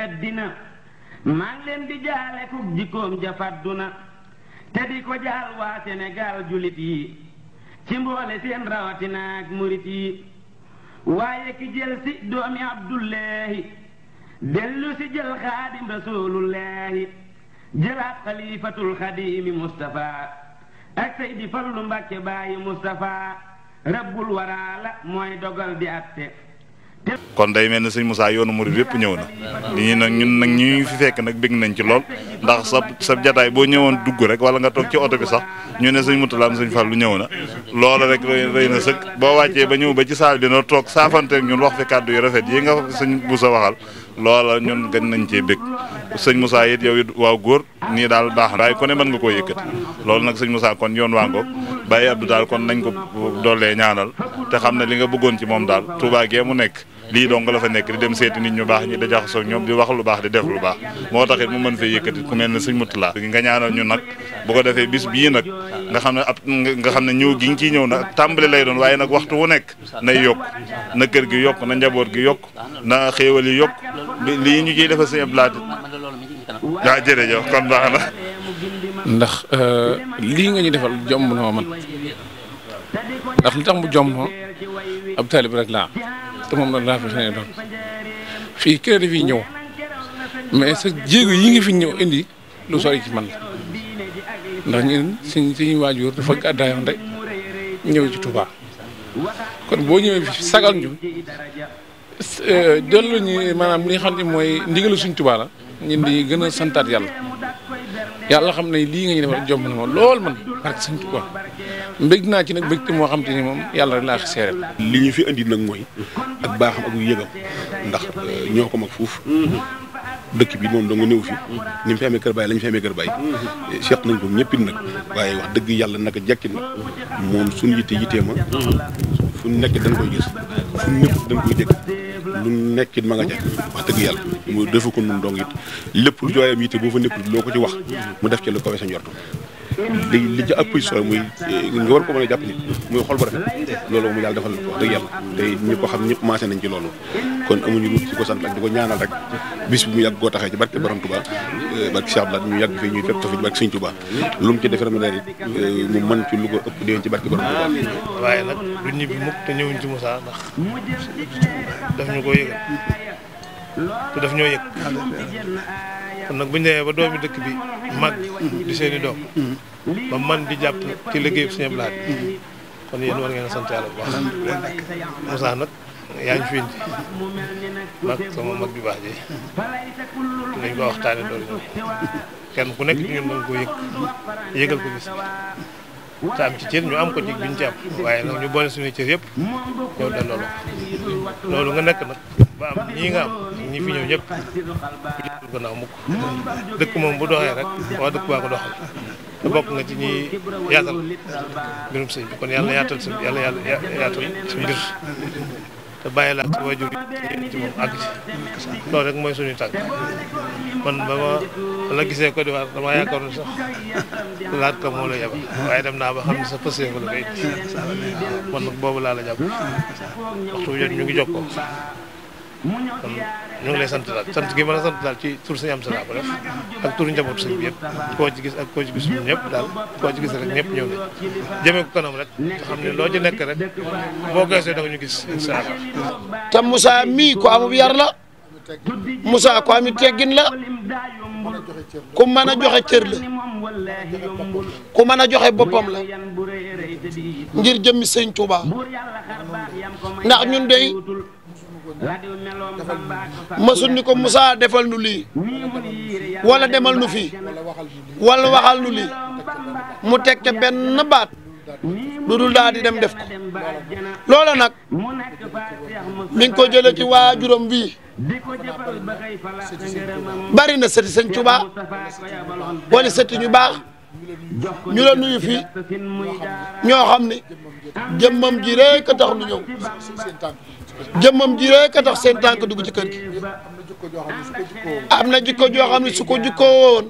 teddina maa ngi leen di jaale ku jikkoom ja fadduna te di jaal waa Sénégal julit yi ci mboole seen rawatina ak murit yi waaye ki jël doomi Abdullahi dellu si jël xaadim rasulullahi jëlaat xalifatul xadimi Mustafa ak Seydi Fallu Mbàkke bàyyi Mustafa rabbul waraala mooy dogal di atte kon day mel ne sëñ Moussa yoonu murid yépp ñëw na ñi nag ñun nag ñu fi fekk nag bég nañ ci lool ndax sa sa jataay boo ñëwoon dugg rek wala nga toog ci oto bi sax ñu ne sëñ Moutalaam sëñ lu ñëw na loola rek rey na sëkk boo wàccee ba ñëw ba ci saal bi noo toog saafanteek ñun wax fi kàddu yi rafet yi nga sëñ Moussa waxal loola ñun gën nañ cee bég sëñ Moussa it yow it waaw góor nii daal baax na waaye ne mën nga koo yëkkati loolu nag sëñ Moussa kon yoon waa ngoog bàyyi Abdou daal kon nañ ko doolee ñaanal te xam ne li nga bëggoon ci moom daal Touba gee mu nekk lii dong la fa nekk di dem seeti nit ñu baax ñi da jaxasoo ñoom di wax lu baax di def lu baax moo tax it mu mën fee yëkkati ku mel ne sëñ Moutalla nga ñaanal ñu nag bu ko bis bii nag nga xam ne ab nga xam ne ñëw gi nga ciy ñëw nag tàmbali lay doon waaye nag waxtu wu nekk nay yokk na kër gi yokk na njaboot gi yokk na xéewal yi yokk lii ñu ciy defal sëñ Abdoulaye waaw ah, jërëjëf kon baax na ndax euh, lii nga ñu defal jomb na man ndax li tax mu jom ab taalib rek laa te moom nag laa fi seen doon fii kër dafii ñëw mais sa jéego yi ngi fi ñëw indi lu sori ci man la ndax ñun suñ suñu waajur dafa gàddaayoon rek ñëw ci tubaa kon boo ñëwee fi sagal ñu euh, dellu ñu maanaam li xam ne mooy ndigalu suñ tubaa la ñun di gën a santaat yàlla yàlla xam ne lii nga ñu defal jomb na ma lool man suñ Sëñ Tuubaa mbég naa ci nag mbégte moo xam te moom yàlla rek laa seereel li ñu fi indi nag mooy ak baaxam ak yëgam ndax eh, ñoo ko mag fuuf dëkk bi moom danga néew fi ni mu fi amee kër baay la ñu fi amee kër baay seet nañ ko ñëppit nag waaye wax dëgg yàlla naka jekki nag moom suñu yitte yittee ma fu nekk dañ koy gis fu nekk dañ koy dégg lu nekkit ma nga ca wax dëgg yàlla mu defu ko nu dong it lépp lu jooyam yitte boo fa nekkul loo ko ci wax mu def ci lu kawe sa njortu li li ci ëpp solo muy eh, nga war ko mën a jàpp nit muy xol bu rafet loolu mu yàlla defal wax dëgg yàlla te ñi ko xam ñëpp maase nañ ci loolu kon amuñu lu ci ko sant ak di ko ñaanal rek bis bi mu yàgg koo taxee ci barke borom Touba eh, barke Cheikh Abdoulaye ñu yàgg fii ñuy fekk ko fi barke Sëñ Touba lu mu ci def ramadan it eh, mu mën ci lu ko ëpp déwén ci barke borom Touba waaye nag du ñibbi mukk te ñëwuñ ci Moussa ndax daf ñu ko yëgal te daf ñoo yëg kon nag bu ñu demee ba doomi dëkk bi mag di seen i doom ba man di jàpp ci liggéeyu Sëñ Abdou Lahad kon yéen war bu baax Moussa nag yaa ngi fi indi mag sama mag bi baax ji nañ ko waxtaane doon kenn ku nekk ci ñun dañ ko yëg yëgal ko gis te am ci cër ñu am ko ci biñ ci waaye nag ñu boole suñu cër yëpp yow delloo la loolu nga nekk nag ba am ñii nga am ñi fi ñëw ñëpp dëkk moom bu doxee rek waa dëkk baa ko doxal te bokk nga ci ñi yaatal mbirum sëñ bi kon yàlla yaatal sa bàyyi laa ci waajur ci loolu rek mooy suñu tànk ba ma la ko la yabal waaye dem naa xam ne sa pësee ko la la jàpp waxtu kon ñoo ngi lay sant daal sant gi mën a daal ci tur sëñ am sala ko def bi yëpp koo ci gis ak koo ci gis daal koo gis rek ñëpp ñëw nañ jëmee ko kanam loo ci nekk rek boo geesee da nga ñu gis incha allah. te Moussa mii ko amub yar la Moussa ko ami teggin la ku mën a joxe cër la ku mën a joxe boppam la ngir jëmmi sëñ Touba ndax ñun dey ma sunni ko Moussa defal nu lii wala demal nu fii wala waxal nu lii mu teg ca benn baat lu dul daal di dem def ko loola nag mi ngi ko jëlee ci waajuram bii bari na sëti sëñ Tuubaa wala sëti ñu baax ñu la nuyu fi ñoo xam ne jëmmam ji rek a tax nu ñëw jëmmam ji yooyu ka tax seen tànk dugg ci kër gi am na jikko joo xam ne su ko jikkoo woon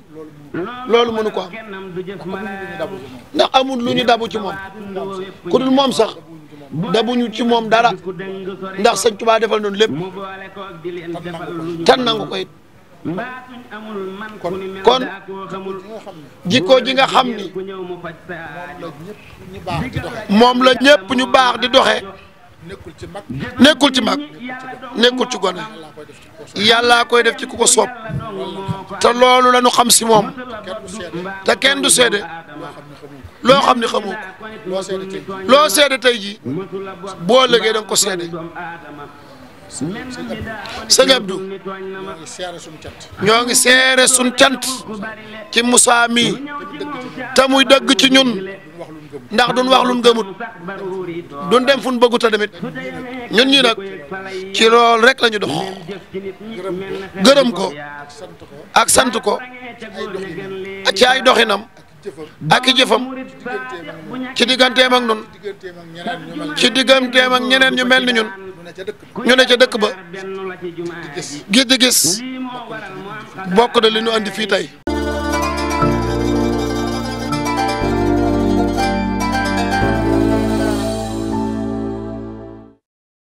loolu mënu ko am ndax amul lu ñu dabu ci moom ku moom sax dabuñu ci moom dara ndax sëñ Tuubaa defal noonu lépp tan nangu ko it kon jikko ji nga xam ni moom la ñëpp ñu baax di doxe nekkul ci mag nekkul ci mag nekkul ci gone yàllaa koy def ci ku ko soob te loolu la ñu xam si moom te kenn du seede loo xam ni xamoo loo seede tey jii boo lëgee da nga ko seede sëñ Abdou ñoo ngi seere suñ cant ci Moussa mi te muy dëgg ci ñun ndax duñ wax luñ gëmut duñ dem fuñ bëggut a tamit ñun ñi nag ci lool rek la ñu dox gërëm ko ak sant ko ci doxinam ak i jëfam ci digganteem ak ñun ci digganteem ak ñeneen ñu mel ni ñun. ñu ne ca dëkk ba gis di gis bokk na li ñu andi fii tey